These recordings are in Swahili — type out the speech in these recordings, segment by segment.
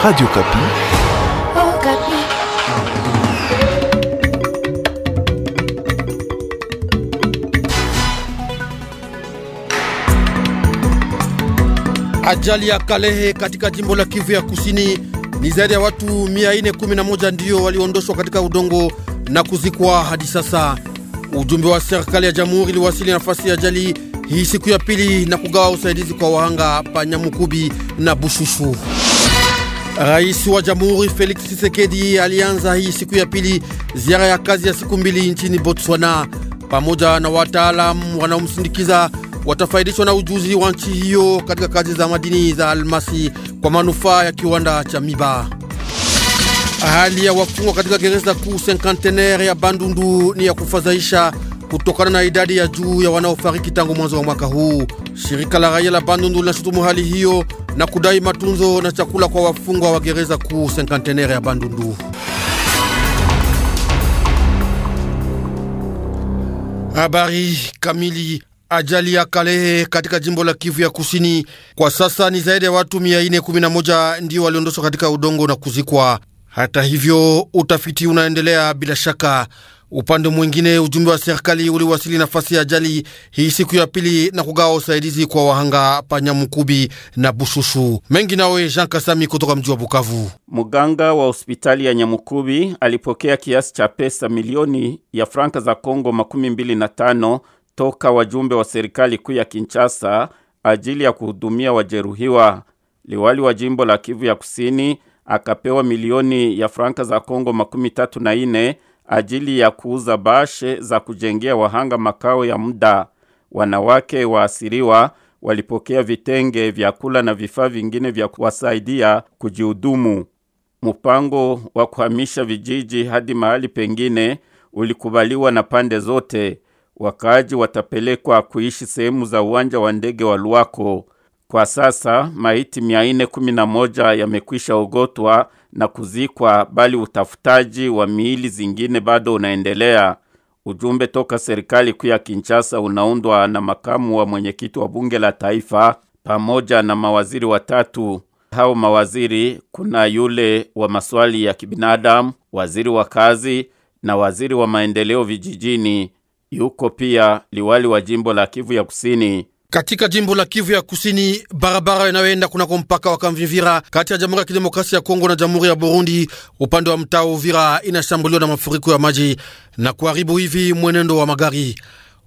Radio Kapi. Oh, Kapi. Ajali ya Kalehe katika jimbo la Kivu ya Kusini ni zaidi ya watu 411 ndio waliondoshwa katika udongo na kuzikwa hadi sasa. Ujumbe wa serikali ya jamhuri iliwasili nafasi ya ajali hii siku ya pili na kugawa usaidizi kwa wahanga pa Nyamukubi na Bushushu. Rais wa Jamhuri Felix Tshisekedi alianza hii siku ya pili ziara ya kazi ya siku mbili nchini Botswana. Pamoja na wataalamu wanaomsindikiza, watafaidishwa na ujuzi wa nchi hiyo katika kazi za madini za almasi kwa manufaa ya kiwanda cha Miba. Hali ya wafungwa katika gereza kuu Senkantenere ya Bandundu ni ya kufadhaisha kutokana na idadi ya juu ya wanaofariki tangu mwanzo wa mwaka huu. Shirika la raia la Bandundu linashutumu hali hiyo na kudai matunzo na chakula kwa wafungwa wa gereza kuu senkantenere ya Bandundu. Habari kamili. Ajali ya Kalehe katika jimbo la Kivu ya Kusini, kwa sasa ni zaidi ya watu 411 ndio waliondoshwa katika udongo na kuzikwa. Hata hivyo, utafiti unaendelea bila shaka. Upande mwingine, ujumbe wa serikali uliwasili nafasi ya ajali hii siku ya pili na kugawa usaidizi kwa wahanga Panyamukubi na Bushushu. Mengi nawe Jean Kasami kutoka mji wa Bukavu. Mganga wa hospitali ya Nyamukubi alipokea kiasi cha pesa milioni ya franka za Kongo makumi mbili na tano toka wajumbe wa serikali kuu ya Kinshasa ajili ya kuhudumia wajeruhiwa. Liwali wa jimbo la Kivu ya Kusini akapewa milioni ya franka za Kongo makumi tatu na ine ajili ya kuuza bashe za kujengea wahanga makao ya muda. Wanawake waasiriwa walipokea vitenge, vyakula na vifaa vingine vya kuwasaidia kujihudumu. Mpango wa kuhamisha vijiji hadi mahali pengine ulikubaliwa na pande zote. Wakaaji watapelekwa kuishi sehemu za uwanja wa ndege wa Luwako. Kwa sasa maiti 411 yamekwisha ogotwa na kuzikwa, bali utafutaji wa miili zingine bado unaendelea. Ujumbe toka serikali kuu ya Kinshasa unaundwa na makamu wa mwenyekiti wa bunge la taifa pamoja na mawaziri watatu. Hao mawaziri kuna yule wa maswali ya kibinadamu, waziri wa kazi na waziri wa maendeleo vijijini. Yuko pia liwali wa jimbo la Kivu ya Kusini. Katika jimbo la Kivu ya Kusini, barabara inayoenda kunako mpaka wa Kamvivira kati ya Jamhuri ya Kidemokrasia ya Kongo na Jamhuri ya Burundi upande wa mtaa Uvira inashambuliwa na mafuriko ya maji na kuharibu hivi mwenendo wa magari.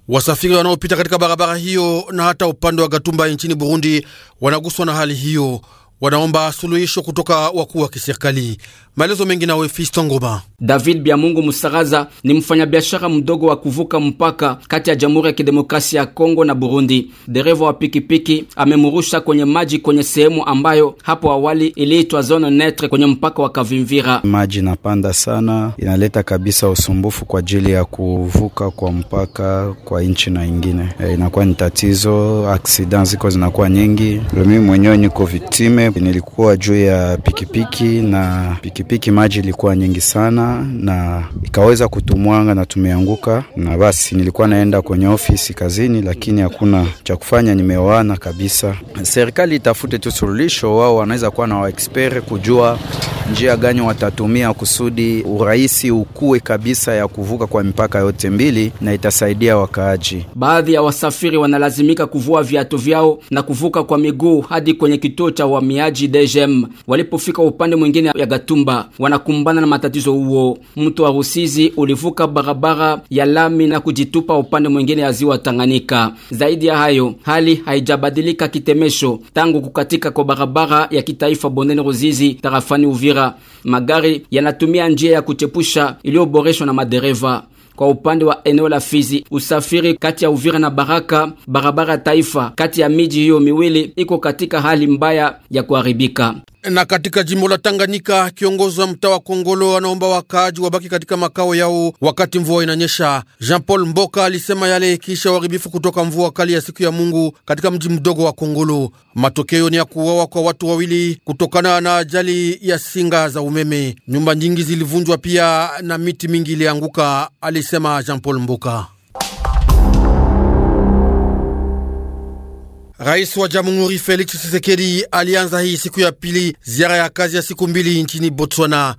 Wasafiri wanaopita katika barabara hiyo na hata upande wa Gatumba nchini Burundi wanaguswa na hali hiyo, wanaomba suluhisho kutoka wakuu wa kiserikali. Maelezo mengi nawe Fiston Ngoba. David Biamungu Musaraza ni mfanyabiashara mdogo wa kuvuka mpaka kati ya Jamhuri ya Kidemokrasia ya Kongo na Burundi. Dereva wa pikipiki amemurusha kwenye maji kwenye sehemu ambayo hapo awali iliitwa zone netre kwenye mpaka wa Kavimvira. Maji inapanda sana, inaleta kabisa usumbufu kwa ajili ya kuvuka kwa mpaka kwa nchi na ingine. E, inakuwa ni tatizo, aksida ziko zinakuwa nyingi. Mimi mwenyewe niko victime, nilikuwa juu ya pikipiki na pikipiki pikipiki maji ilikuwa nyingi sana na ikaweza kutumwanga na tumeanguka, na basi nilikuwa naenda kwenye ofisi kazini, lakini hakuna cha kufanya, nimeoana kabisa. Serikali itafute tu suluhisho, wao wanaweza kuwa na waexpert kujua njia gani watatumia kusudi urahisi ukue kabisa ya kuvuka kwa mipaka yote mbili, na itasaidia wakaaji. Baadhi ya wasafiri wanalazimika kuvua viatu vyao na kuvuka kwa miguu hadi kwenye kituo cha uhamiaji DGM. Walipofika upande mwingine ya Gatumba Butemba wanakumbana na matatizo huo. Mto wa Rusizi ulivuka barabara ya lami na kujitupa upande mwingine ya ziwa Tanganyika. Zaidi ya hayo, hali haijabadilika kitemesho tangu kukatika kwa barabara ya kitaifa bondeni Ruzizi tarafani Uvira. Magari yanatumia njia ya kuchepusha iliyoboreshwa na madereva. Kwa upande wa eneo la Fizi, usafiri kati ya Uvira na Baraka, barabara taifa kati ya miji hiyo miwili iko katika hali mbaya ya kuharibika. Na katika jimbo la Tanganyika, kiongozi wa mtaa wa Kongolo anaomba wakaaji wabaki katika makao yao wakati mvua inanyesha. Jean Paul Mboka alisema yale kisha uharibifu kutoka mvua kali ya siku ya Mungu katika mji mdogo wa Kongolo. Matokeo ni ya kuuawa kwa watu wawili kutokana na ajali ya singa za umeme. Nyumba nyingi zilivunjwa pia na miti mingi ilianguka, alisema Jean Paul Mboka. Rais wa Jamhuri Felix Tshisekedi alianza hii siku ya pili ziara ya kazi ya siku mbili nchini Botswana.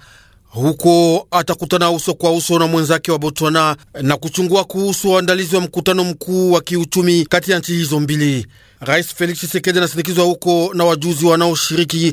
Huko atakutana uso kwa uso na mwenzake wa Botswana na kuchungua kuhusu waandalizi wa mkutano mkuu wa kiuchumi kati ya nchi hizo mbili. Rais Felix Tshisekedi anasindikizwa huko na wajuzi wanaoshiriki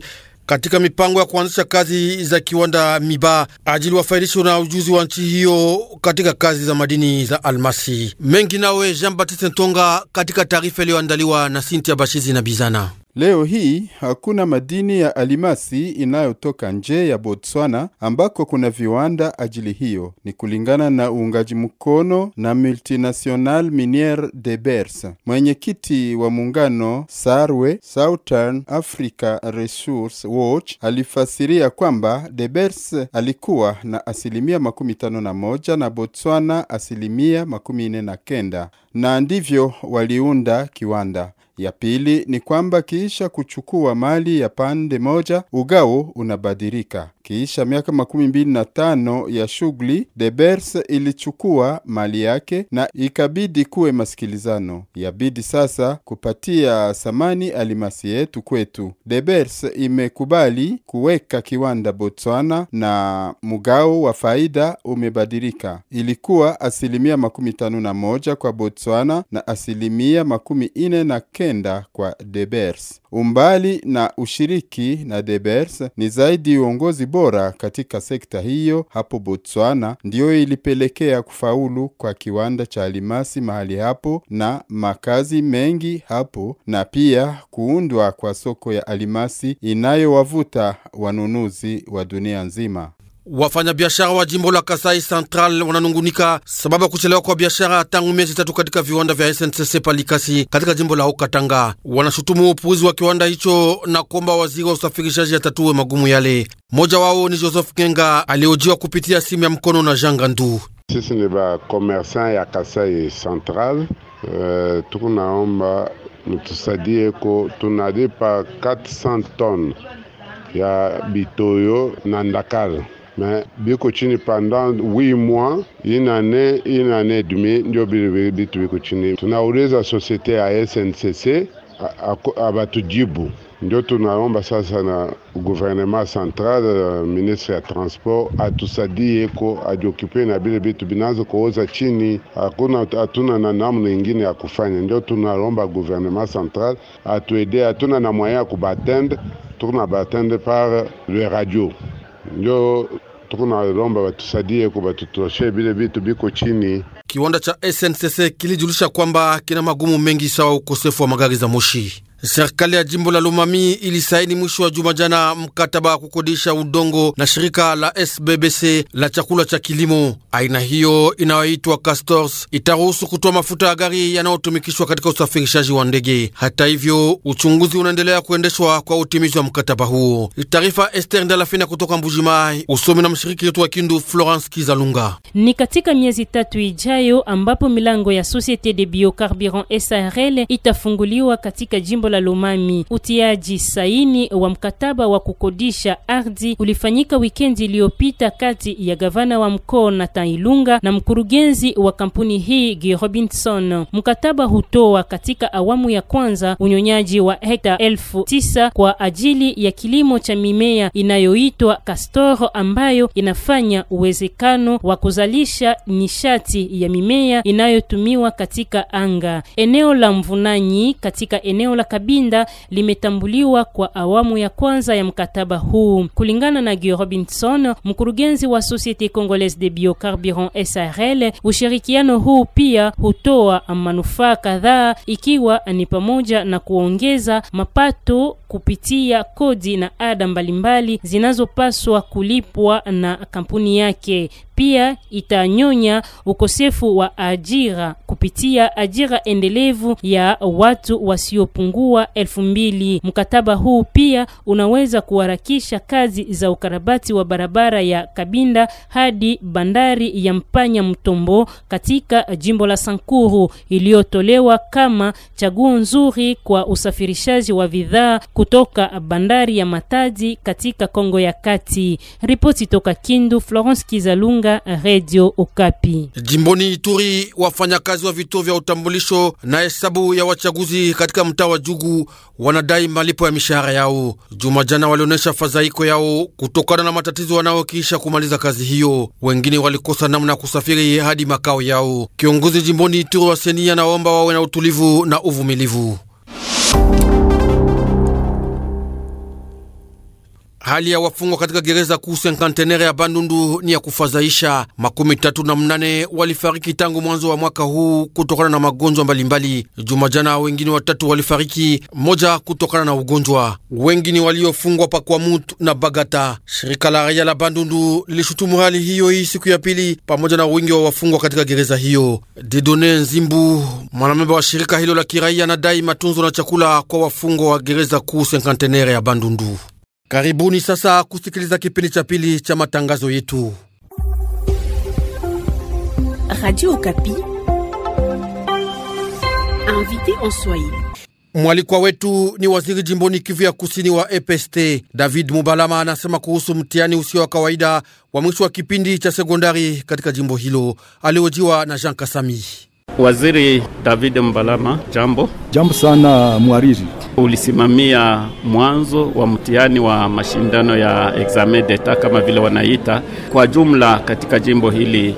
katika mipango ya kuanzisha kazi za kiwanda Miba ajili wafaidisho na ujuzi wa nchi hiyo katika kazi za madini za almasi mengi. Nawe Jean Baptiste Ntonga katika taarifa iliyoandaliwa na Sintia Bashizi na Bizana. Leo hii hakuna madini ya alimasi inayotoka nje ya Botswana ambako kuna viwanda ajili hiyo. Ni kulingana na uungaji mkono na Multinational Miniere de bers Mwenyekiti wa muungano Sarwe Southern Africa Resource Watch alifasiria kwamba de bers alikuwa na asilimia makumi tano na moja na Botswana asilimia makumi nne na kenda na ndivyo waliunda kiwanda ya pili ni kwamba kiisha kuchukua mali ya pande moja, ugao unabadilika. Kiisha miaka makumi mbili na tano ya shughuli, Debers ilichukua mali yake na ikabidi kuwe masikilizano. Yabidi sasa kupatia samani alimasi yetu kwetu. Debers imekubali kuweka kiwanda Botswana na mgao wa faida umebadilika. Ilikuwa asilimia makumi tano na moja kwa Botswana na asilimia makumi ine na kenda kwenda kwa Debers. Umbali na ushiriki na Debers ni zaidi uongozi bora katika sekta hiyo hapo Botswana ndiyo ilipelekea kufaulu kwa kiwanda cha alimasi mahali hapo na makazi mengi hapo, na pia kuundwa kwa soko ya alimasi inayowavuta wanunuzi wa dunia nzima. Wafanyabiashara wa jimbo la Kasai Central wananungunika sababu ya kuchelewa kwa biashara tangu miezi tatu katika viwanda vya SNCC Palikasi katika jimbo la Haut-Katanga. Wanashutumu upuuzi wa kiwanda hicho na kuomba waziri wa usafirishaji atatue magumu yale. Mmoja wao ni Joseph Ngenga alihojiwa kupitia simu ya mkono na Jean Gandu. Sisi ni ba komersan ya Kasai Central. Uh, tukunaomba mtusadie ko tunalipa 400 ton ya bitoyo na ndakala mais biko chini pendant 8 mois une année une année et demie ndio bitu biko chini. Tunauliza societe ya SNCC abatujibu ndio tunaomba sasa na gouvernement central uh, ministre ya transport atusadie ko ajiokipe na bile bitu binazo kuoza chini. Hakuna, hatuna na namna ingine ya kufanya, ndio tunaomba guvernema central atuede. Hatuna na mwaya ya kubatende, tuna batende par le radio ndio tuko nalilomba kubatutoshe bile vitu biko chini. Kiwanda cha SNCC kilijulisha kwamba kina magumu mengi sawa ukosefu wa magari za moshi. Serikali ya jimbo la lumami ilisaini mwisho wa juma jana mkataba wa kukodisha udongo na shirika la SBBC la chakula cha kilimo. Aina hiyo inayoitwa castors itaruhusu kutoa mafuta ya gari yanayotumikishwa katika usafirishaji wa ndege. Hata hivyo, uchunguzi unaendelea kuendeshwa kwa utimizi wa mkataba huo. Taarifa Esther Ndalafina kutoka Mbujimai, usomi na mshiriki wetu wa Kindu Florence Kizalunga. Ni katika miezi tatu ijayo ambapo milango ya Societe de Biocarburant SARL itafunguliwa katika jimbo la Lomami. Utiaji saini wa mkataba wa kukodisha ardhi ulifanyika wikendi iliyopita kati ya gavana wa mkoa na Ilunga na mkurugenzi wa kampuni hii Guy Robinson. Mkataba hutoa katika awamu ya kwanza unyonyaji wa hekta elfu tisa kwa ajili ya kilimo cha mimea inayoitwa kastoro ambayo inafanya uwezekano wa kuzalisha nishati ya mimea inayotumiwa katika anga. Eneo la Mvunanyi katika eneo la Kabinda limetambuliwa kwa awamu ya kwanza ya mkataba huu. Kulingana na Guy Robinson, mkurugenzi wa Societe Congolaise de Biocarburant SARL, ushirikiano huu pia hutoa manufaa kadhaa ikiwa ni pamoja na kuongeza mapato kupitia kodi na ada mbalimbali zinazopaswa kulipwa na kampuni yake. Pia itanyonya ukosefu wa ajira kupitia ajira endelevu ya watu wasiopungua elfu mbili. Mkataba huu pia unaweza kuharakisha kazi za ukarabati wa barabara ya Kabinda hadi bandari ya Mpanya Mtombo katika jimbo la Sankuru iliyotolewa kama chaguo nzuri kwa usafirishaji wa bidhaa kutoka bandari ya Matadi katika Kongo ya Kati. Ripoti toka Kindu, Florence Kizalunga, Radio Okapi. Jimboni Ituri, wafanyakazi wa wa vituo vya utambulisho na hesabu ya wachaguzi katika mtaa wa Jugu wanadai malipo ya mishahara yao. Juma jana walionyesha fadhaiko yao kutokana na matatizo wanayokiisha kumaliza kazi hiyo. Wengine walikosa namna ya kusafiri hadi makao yao. Kiongozi jimboni Ituri wa Senia anaomba wawe na utulivu na uvumilivu. Hali ya wafungwa katika gereza kuu Senkantenere ya Bandundu ni ya kufadhaisha. Makumi tatu na mnane walifariki tangu mwanzo wa mwaka huu kutokana na magonjwa mbalimbali. jana wengine watatu walifariki, moja kutokana na ugonjwa. Wengi ni waliofungwa Pakwamut na Bagata. Shirika la raia la Bandundu lilishutumu hali hiyo hii siku ya pili, pamoja na wingi wa wafungwa katika gereza hiyo. Didone Nzimbu, mwanamemba wa shirika hilo la kiraia, anadai matunzo na chakula kwa wafungwa wa gereza kuu sinkantenere ya Bandundu. Karibuni sasa kusikiliza kipindi cha pili cha matangazo yetu Radio Okapi. Invité en Swahili. Mwalikwa wetu ni waziri jimboni Kivu ya kusini wa EPST David Mubalama anasema kuhusu mtihani usio wa kawaida wa mwisho wa kipindi cha sekondari katika jimbo hilo, aliojiwa na Jean Kasami. Waziri David Mbalama, jambo. Jambo sana mwariri. Ulisimamia mwanzo wa mtihani wa mashindano ya exame d'etat kama vile wanaita kwa jumla katika jimbo hili,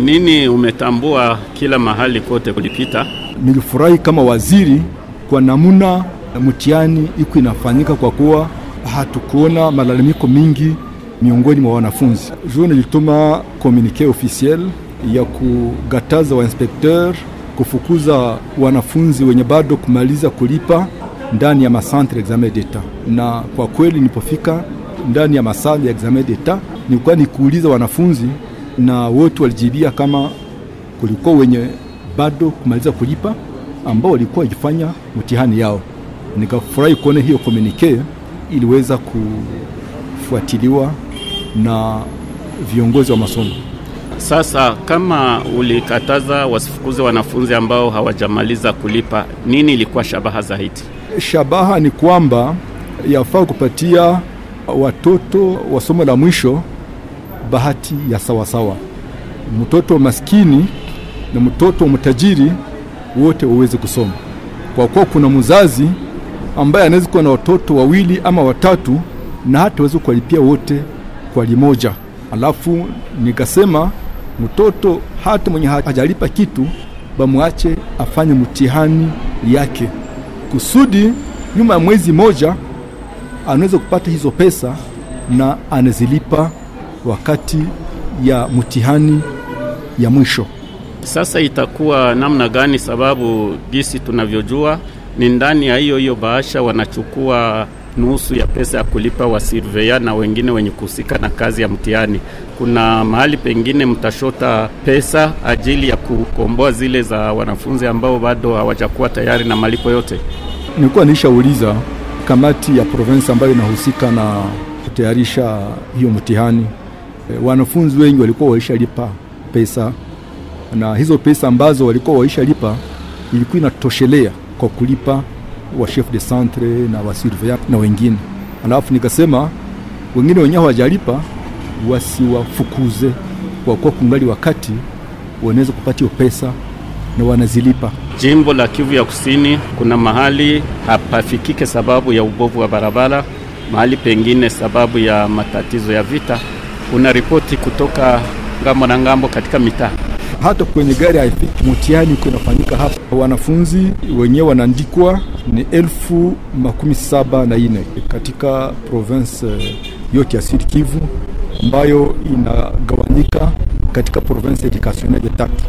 nini umetambua kila mahali kote kulipita? Nilifurahi kama waziri kwa namuna mtihani iko inafanyika, kwa kuwa hatukuona malalamiko mingi miongoni mwa wanafunzi. Jo nilituma komunike officiel ya kugataza wainspekteur kufukuza wanafunzi wenye bado kumaliza kulipa ndani ya masantre examen d'etat. Na kwa kweli nilipofika ndani ya masale ya examen d'etat, nilikuwa nikuuliza wanafunzi na wote walijibia kama kulikuwa wenye bado kumaliza kulipa ambao walikuwa wakifanya mtihani yao. Nikafurahi kuona hiyo komunike iliweza kufuatiliwa na viongozi wa masomo. Sasa kama ulikataza wasifukuze wanafunzi ambao hawajamaliza kulipa, nini ilikuwa shabaha zaidi? Shabaha ni kwamba yafaa kupatia watoto wa somo la mwisho bahati ya sawasawa. Mtoto maskini na mtoto mtajiri wote waweze kusoma, kwa kuwa kuna mzazi ambaye anaweza kuwa na watoto wawili ama watatu na hata waweze kuwalipia wote kwa limoja. Alafu nikasema mtoto hata mwenye hajalipa kitu bamwache afanye mtihani yake, kusudi nyuma ya mwezi moja anaweza kupata hizo pesa na anazilipa wakati ya mtihani ya mwisho. Sasa itakuwa namna gani? Sababu gisi tunavyojua ni ndani ya hiyo hiyo bahasha wanachukua nusu ya pesa ya kulipa wasurveya na wengine wenye kuhusika na kazi ya mtihani. Kuna mahali pengine mtashota pesa ajili ya kukomboa zile za wanafunzi ambao bado hawajakuwa tayari na malipo yote. Nilikuwa nishauliza kamati ya provensi ambayo inahusika na kutayarisha hiyo mtihani, eh, wanafunzi wengi walikuwa waishalipa pesa, na hizo pesa ambazo walikuwa waishalipa ilikuwa inatoshelea kwa kulipa wa chef de centre na wasurveillant na wengine, alafu nikasema wengine wenye hawajalipa wasiwafukuze, kwa kuwa kungali wakati wanaweza hiyo pesa na wanazilipa. Jimbo la Kivu ya Kusini, kuna mahali hapafikike sababu ya ubovu wa barabara, mahali pengine sababu ya matatizo ya vita. Kuna ripoti kutoka ngambo na ngambo katika mitaa hata kwenye gari haifiki. Mtihani uko inafanyika hapa, wanafunzi wenyewe wanaandikwa ni elfu makumi saba na ine katika province eh, yote ya Sud Kivu ambayo inagawanyika katika province educationnelle tatu: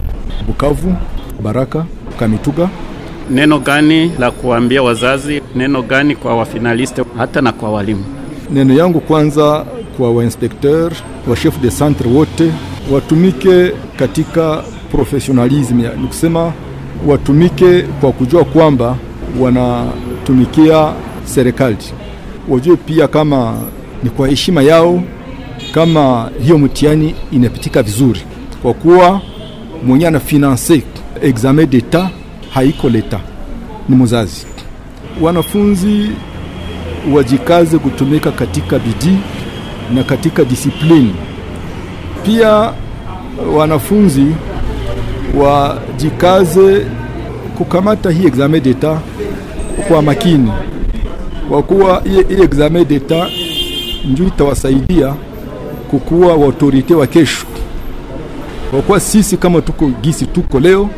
Bukavu, Baraka, Kamituga. Neno gani la kuambia wazazi? Neno gani kwa wafinaliste hata na kwa walimu? Neno yangu kwanza kwa wainspekteur wa chef de centre wote watumike katika professionalism, ni kusema watumike kwa kujua kwamba wanatumikia serikali, wajue pia kama ni kwa heshima yao kama hiyo mtihani inapitika vizuri, kwa kuwa mwenye anafinanse finance examen d'etat haiko leta, ni mzazi. Wanafunzi wajikaze kutumika katika bidii na katika disipline pia wanafunzi wajikaze kukamata hii examen d'etat kwa makini, kwa kuwa hii examen d'etat ndio itawasaidia kukuwa autorite wa kesho. Kwa kuwa sisi kama tuko gisi tuko leo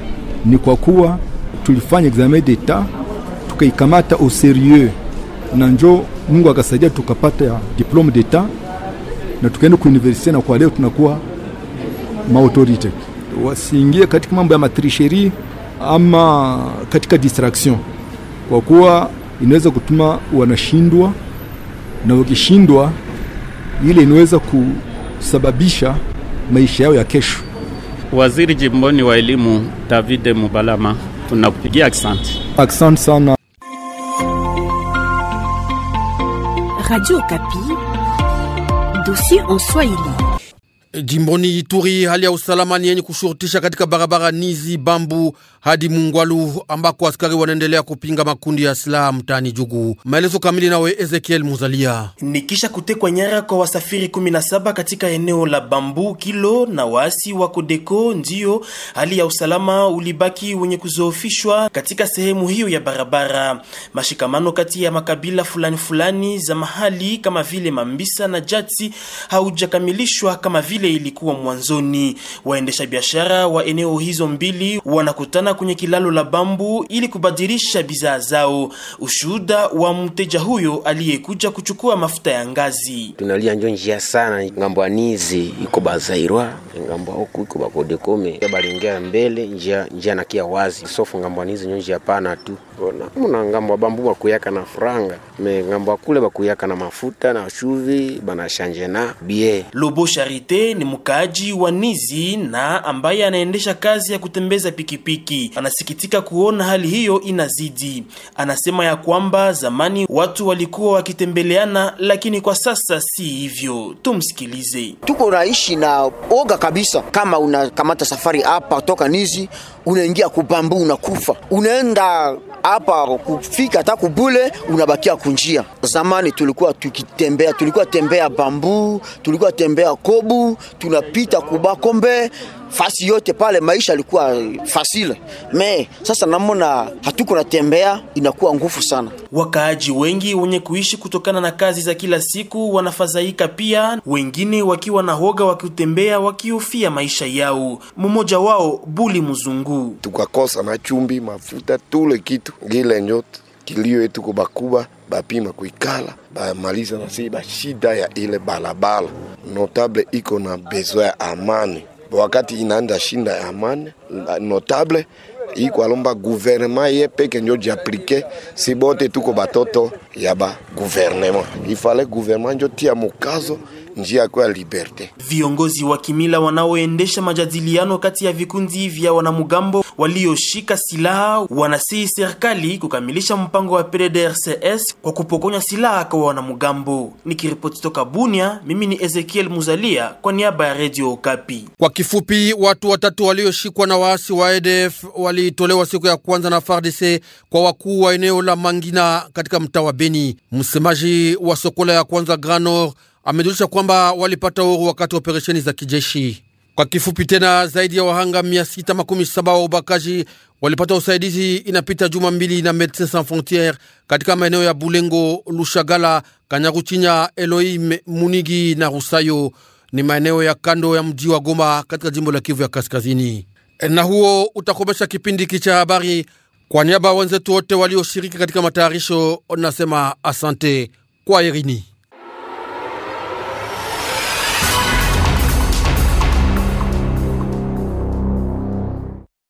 ni kwa kuwa tulifanya examen d'etat tukaikamata au sérieux, na njo Mungu akasaidia tukapata diplome d'etat na tukaenda ku universite, na kwa leo tunakuwa maautorite wasiingie katika mambo ya matrisheri ama katika distraction, kwa kuwa inaweza kutuma wanashindwa, na wakishindwa, ile inaweza kusababisha maisha yao ya kesho. Waziri jimboni wa elimu David Mubalama, tunakupigia asante. Asante sana. Radio Kapi, dossier en Swahili. Jimboni Ituri hali ya usalama ni yenye kushurutisha katika barabara Nizi Bambu hadi Mungwalu ambako askari wanaendelea kupinga makundi ya silaha mtaani Jugu. Maelezo kamili nawe Ezekiel Muzalia. Ni kisha kutekwa nyara kwa wasafiri 17 katika eneo la Bambu Kilo na waasi wa Kodeko, ndiyo hali ya usalama ulibaki wenye kuzoofishwa katika sehemu hiyo ya barabara. Mashikamano kati ya makabila fulani fulani za mahali kama vile Mambisa na Jati haujakamilishwa kama vile vile ilikuwa mwanzoni. Waendesha biashara wa eneo hizo mbili wanakutana kwenye kilalo la Bambu ili kubadilisha bidhaa zao. Ushuhuda wa mteja huyo aliyekuja kuchukua mafuta ya ngazi: tunalia njo njia sana ngambo anizi iko bazairwa ngambo huku iko bakodekome balengea mbele njia njia nakia wazi sofu ngambo anizi njo njia pana tu bona muna ngambo abambu bakuyaka na franga me ngambo akule bakuyaka na mafuta na shuvi banashanje na bie. Lobo Charite ni mkaaji wa Nizi na ambaye anaendesha kazi ya kutembeza pikipiki. Anasikitika kuona hali hiyo inazidi. Anasema ya kwamba zamani watu walikuwa wakitembeleana, lakini kwa sasa si hivyo. Tumsikilize. Tuko naishi na oga kabisa, kama unakamata safari hapa toka Nizi unaingia kubambu unakufa unaenda hapa kufika hata kubule unabakia kunjia. Zamani tulikuwa tukitembea, tulikuwa tembea bambu, tulikuwa tembea kobu, tunapita kubakombe fasi yote pale maisha alikuwa fasile me, sasa namona hatuko natembea, inakuwa nguvu sana. Wakaaji wengi wenye kuishi kutokana na kazi za kila siku wanafadhaika, pia wengine wakiwa na hoga wakiutembea, wakihofia maisha yao. Mmoja wao Buli Mzungu: tukakosa machumbi, mafuta, tule kitu gile nyote kilio yetu ko bakuba bapima kuikala bamaliza nasi bashida ya ile balabala. Notable iko na besoin ya amani wakati inaanda shinda ya amani notable ikwalomba guvernema ye peke njo jiaplike si bote tuko batoto ya ba guvernema ifale guvernema njo tia mukazo njia kwa liberte. Viongozi wa kimila wanaoendesha majadiliano kati ya vikundi vya wanamugambo walioshika silaha wanasihi serikali kukamilisha mpango wa PDDRCS kwa kupokonya silaha kwa wanamugambo Nikiripoti toka Bunia, mimi ni Ezekiel Muzalia kwa niaba ya Radio Okapi. Kwa kifupi, watu watatu walioshikwa na waasi wa ADF walitolewa siku ya kwanza na FARDC kwa wakuu wa eneo la Mangina katika mtaa wa Beni. Msemaji wa Sokola ya kwanza Granor amejulisha kwamba walipata uhuru wakati wa operesheni za kijeshi. Kwa kifupi tena, zaidi ya wahanga 617 wa ubakaji walipata usaidizi inapita juma mbili na Medecins Sans Frontieres katika maeneo ya Bulengo, Lushagala, Kanyaruchinya, Elohim, Munigi na Rusayo. Ni maeneo ya kando ya mji wa Goma katika jimbo la Kivu ya Kaskazini. Na huo utakomesha kipindi hiki cha habari. Kwa niaba wenzetu wote walioshiriki katika matayarisho, nasema asante kwa Irini.